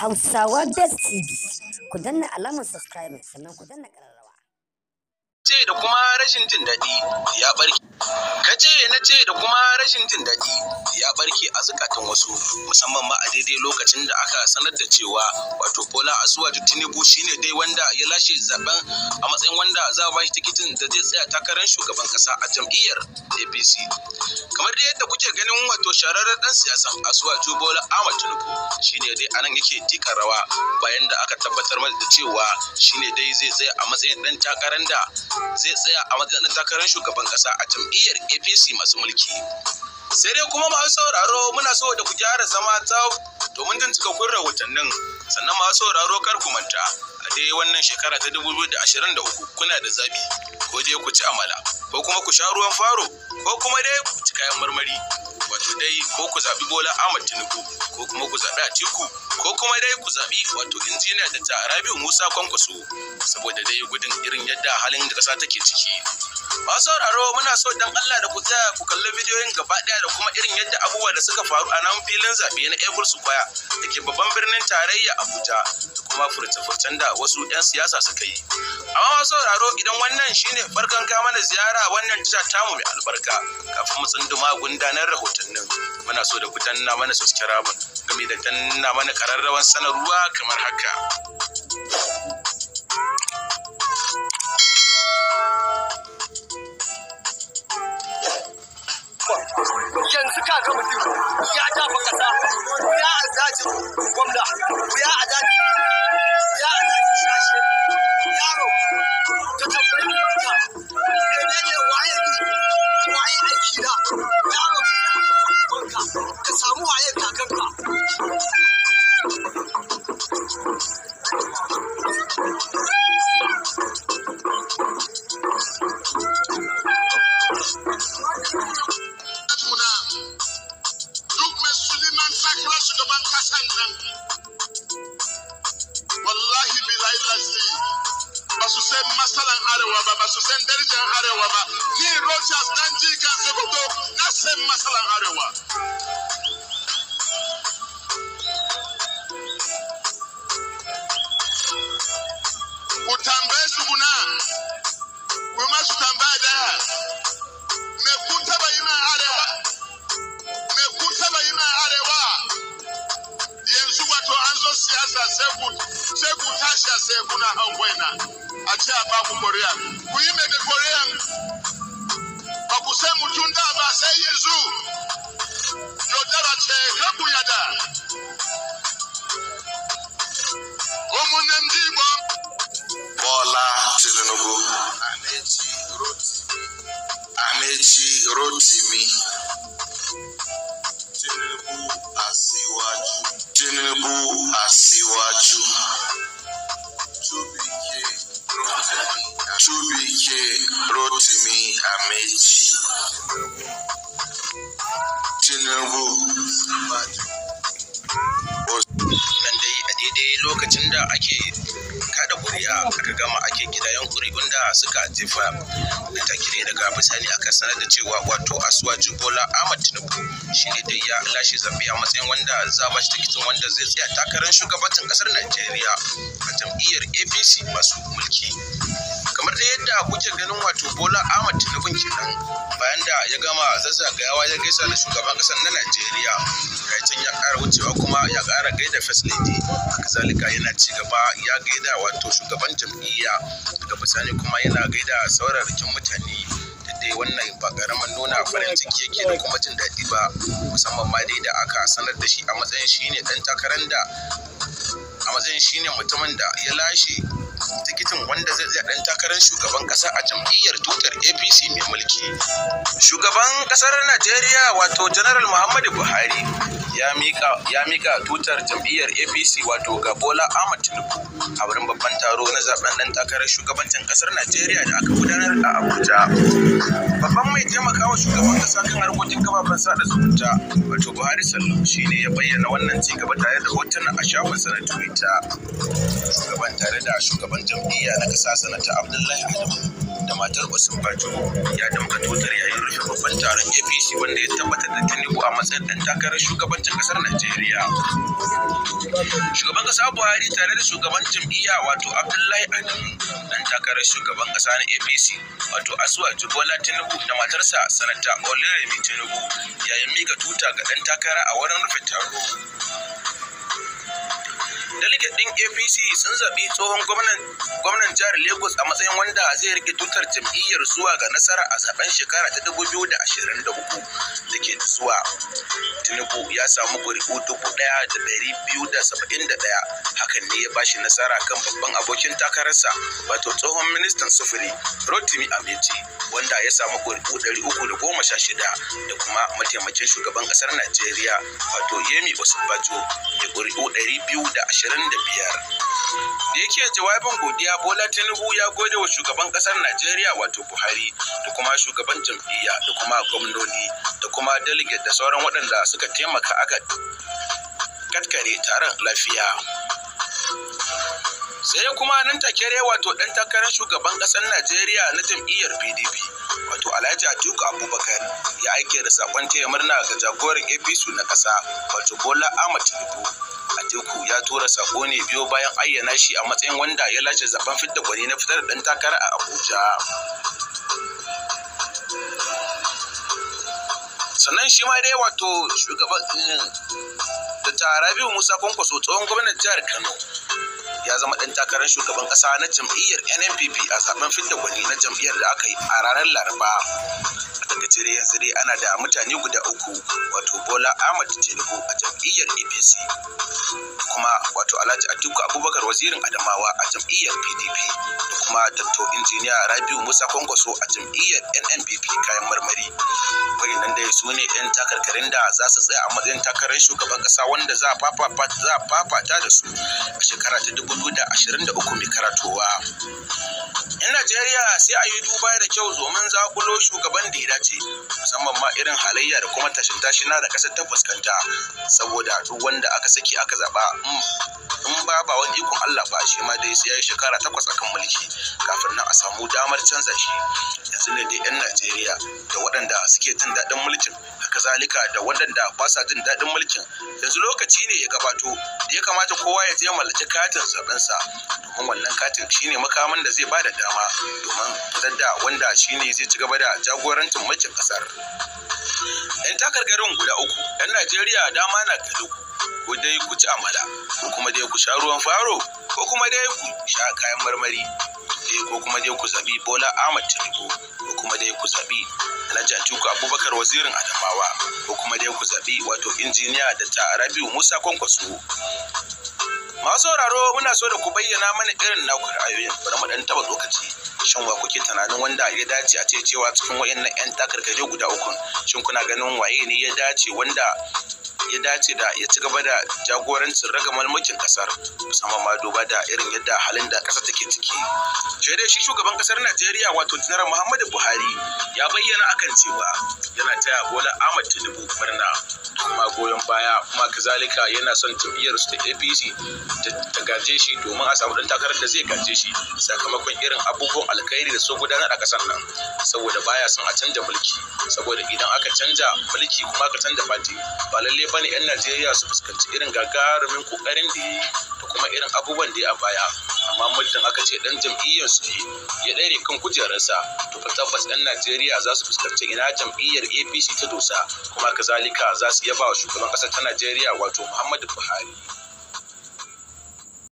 Hausawa Best TV. Ku danna alamar subscribe sannan ku danna ƙararrawa. Ce da kuma rashin jin daɗi ya ɓarke. Kace ce na ce da kuma rashin jin daɗi ya barke a zukatan wasu musamman ma a daidai lokacin da aka sanar da cewa wato bola asuwa tinubu shine dai wanda ya lashe zaben a matsayin wanda za a bashi tikitin da zai tsaya takarar shugaban kasa a jam'iyyar apc kamar dai yadda kuke ganin wato shararren dan siyasan asuwa bola ahmad tinubu shine dai anan yake tika rawa bayan da aka tabbatar mata da cewa shine dai zai tsaya a matsayin dan takarar da zai tsaya a matsayin dan takarar shugaban kasa a jam'iyyar apc nasi masu mulki sai dai kuma masu sauraro muna so da ku gyara zama tsaf domin jin cikakkun rahotannin sannan masu sauraro kar ku manta a dai wannan shekara ta 2023 kuna da zabi ko dai ku ci amala ko kuma ku sha ruwan faro ko kuma dai ku ci kayan marmari wato dai ko ku zabi bola ahmad tinubu ko kuma ku zabi atiku ko kuma dai ku zabi wato injiniya da ta rabiu musa kwankwaso saboda dai gudun irin yadda halin da kasa take ciki masu sauraro muna so dan allah da ku tsaya ku kalli bidiyoyin gaba daya da kuma irin yadda abubuwa da suka faru a nan filin zaɓe na april square da ke babban birnin tarayya Abuja da kuma furce-furcen da wasu 'yan siyasa suka yi. Amma masu sauraro idan wannan shine farkon kama da ziyara wannan tasha tamu mai albarka kafin mu tsunduma gundanar rahotannin muna so da ku danna mana subscribe game da danna mana kararrawan sanarwa kamar haka. Yanzu ka ga mutum ya kasan nan wallahi bilahi lazi ba su san matsalan arewa ba basu su san darajar arewa ba ni rogers dan jigan Nasem na san matsalan arewa ku tambaye su kuna ku masu tambaya sekutasha sekuna hangwena ache apakukorea kuimeke korea pakusemutunda aba seyezu jodara chekekuyada omune ndị igbo Bola Tinubu Amechi Rotimi Obike Rotimi Amechi Tinubu nan dai a daidai lokacin da ake kada kuri'a aka gama ake gidayen kuri'un da suka jefa da takire daga bisani aka sanar da cewa wato asuwa bola ahmad tinubu ne da ya lashe zaɓe a matsayin wanda za ba shi tikitin wanda zai tsaya takarar shugabancin ƙasar najeriya a jam'iyyar apc masu mulki kamar da yadda kuke ganin wato bola ahmad tinubun kenan bayan da ya gama yawa ya gaisa da shugaban kasar na najeriya ya ya kara wucewa kuma ya kara gaida first lady haka zalika yana ci gaba ya gaida wato shugaban jam'iyya daga bisani kuma yana gaida sauran rikin mutane dai wannan ba karamin nuna farin ciki yake da kuma jin daɗi ba musamman ma dai da aka sanar da shi a matsayin shine dan takarar da a matsayin shine mutumin da ya lashe tikitin wanda zai tsaya dan takarar shugaban kasa a jam'iyyar tutar apc mai mulki shugaban kasar najeriya wato general muhammadu buhari ya mika tutar jam'iyyar apc wato ga bola ahmad tinubu a wurin babban taro na zaben dan takarar shugabancin kasar najeriya da aka gudanar a abuja babban mai taimakawa shugaban kasa kan harkokin kafafen sada zumunta wato buhari sallu shine ya bayyana wannan cigaba tare da hotuna a shafinsa na twitter shugaban tare da shugaban jam'iyya na ƙasa sanata abdullahi adamu da matar Wasu bajo ya damka tutar yayin rufe babban taron apc wanda ya tabbatar da tinubu a matsayin ɗan takarar shugabancin ƙasar najeriya shugaban ƙasa buhari tare da shugaban jam'iyya wato abdullahi adamu ɗan takarar shugaban kasa na apc wato asuwa jubola tinubu da matarsa sanata olere tinubu yayin mika tuta ga ɗan takara a wurin rufe taro delegate ɗin apc sun zaɓi tsohon gwamnan jihar lagos a matsayin wanda zai rike tutar jam'iyyar zuwa ga nasara a zaben shekara ta dubu biyu da ashirin da da ke zuwa tinubu ya samu ɗaya da da ɗari biyu saba'in da ɗaya hakan ne ya bashi nasara kan babban abokin takararsa wato tsohon ministan sufuri rotimi amiti wanda ya samu ɗari uku da goma sha shida, da kuma mataimakin shugaban ƙasar najeriya wato yemi osinbajo biyu da ashirin. ashirin da biyar. Da yake jawabin godiya Bola Tinubu ya gode wa shugaban ƙasar Najeriya wato Buhari da kuma shugaban jam'iyya da kuma gwamnoni da kuma delegate da sauran waɗanda suka taimaka aka katkare taron lafiya. Sai kuma nan take wato ɗan takarar shugaban ƙasar Najeriya na jam'iyyar PDP. wato alhaji atiku abubakar ya aike da sakon taya murna ga jagoran apc na kasa wato bola ahmad tinubu atiku ya tura sako ne biyo bayan ayyana shi a matsayin wanda ya lashe zaben fidda gwani na fitar da ɗan takara a abuja sannan shi ma dai wato shugaban eh, da tara biyu musa kwankwaso tsohon gwamnan jihar kano ya zama dan takarar shugaban kasa na jam'iyyar NNPP a zaben fidda gwani na jam'iyyar da aka yi a ranar Laraba. Kace dai yanzu dai ana da mutane guda uku wato Bola Ahmad Tinubu a jam'iyyar APC kuma wato Alhaji Atiku Abubakar wazirin Adamawa a jam'iyyar PDP da kuma Dr. Injiniya Rabiu Musa Kwankwaso a jam'iyyar NNPP kayan marmari. nan dai su ne 'yan takarkarin da za su tsaya a matsayin takarar shugaban kasa wanda za a fafata da su a shekara ta 2023 mai karatowa. 'yan najeriya sai a yi duba da kyau zomin zakulo shugaban da ya dace musamman ma irin halayya da kuma tashin na da kasar ta fuskanta saboda duk wanda aka saki aka zaba mm, in ba ba wani ikon allah ba shi ma dai sai ya yi shekara takwas akan mulki kafin nan a samu damar canza shi yanzu ne da 'yan najeriya da waɗanda suke jin daɗin mulkin haka zalika da waɗanda ba sa jin daɗin mulkin yanzu lokaci ne ya gabato da ya kamata kowa ya je mallaki katin zabensa domin wannan katin shine makamin da zai ba da dama dama domin fitar da wanda shine zai ci gaba da jagorancin mulkin kasar yan takargarin guda uku yan najeriya dama na gado ko dai ku ci amala ko kuma dai ku sha ruwan faro ko kuma dai ku sha kayan marmari eh, ko kuma dai ku zabi bola ahmad tinubu ko kuma dai ku zabi alhaji atiku abubakar wazirin adamawa ko kuma dai ku zabi wato injiniya da ta rabiu musa kwankwaso masu sauraro muna so da ku bayyana mana irin naku ra'ayoyin bari mu dan taba lokaci shin wa kuke tunanin wanda ya dace a ce cewa cikin wayannan yan takarkaje guda uku shin kuna ganin waye ne ya dace wanda ya dace da ya ci gaba da jagorancin ragamar mulkin kasar musamman ma duba da irin yadda halin da kasar take ciki sai dai shi shugaban kasar Najeriya wato Janar Muhammadu Buhari ya bayyana akan cewa yana taya Bola Ahmad Tinubu murna kuma goyon baya kuma kazalika yana son jam'iyyar su ta APC ta gaje shi domin a samu dan takarar da zai gaje shi sakamakon irin abubuwan alkhairi da su gudanar a kasar nan saboda baya son a canja mulki saboda idan aka canja mulki kuma aka canja fati ba lalle ba tsammani 'yan najeriya su fuskanci irin gagarumin kokarin da yi da kuma irin abubuwan da ya baya amma muddin aka ce dan jam'iyyar su ya ɗare kan kujerarsa to fa tabbas 'yan najeriya za su fuskanci ina jam'iyyar apc ta dosa kuma kazalika za su yaba wa shugaban ƙasar ta najeriya wato muhammadu buhari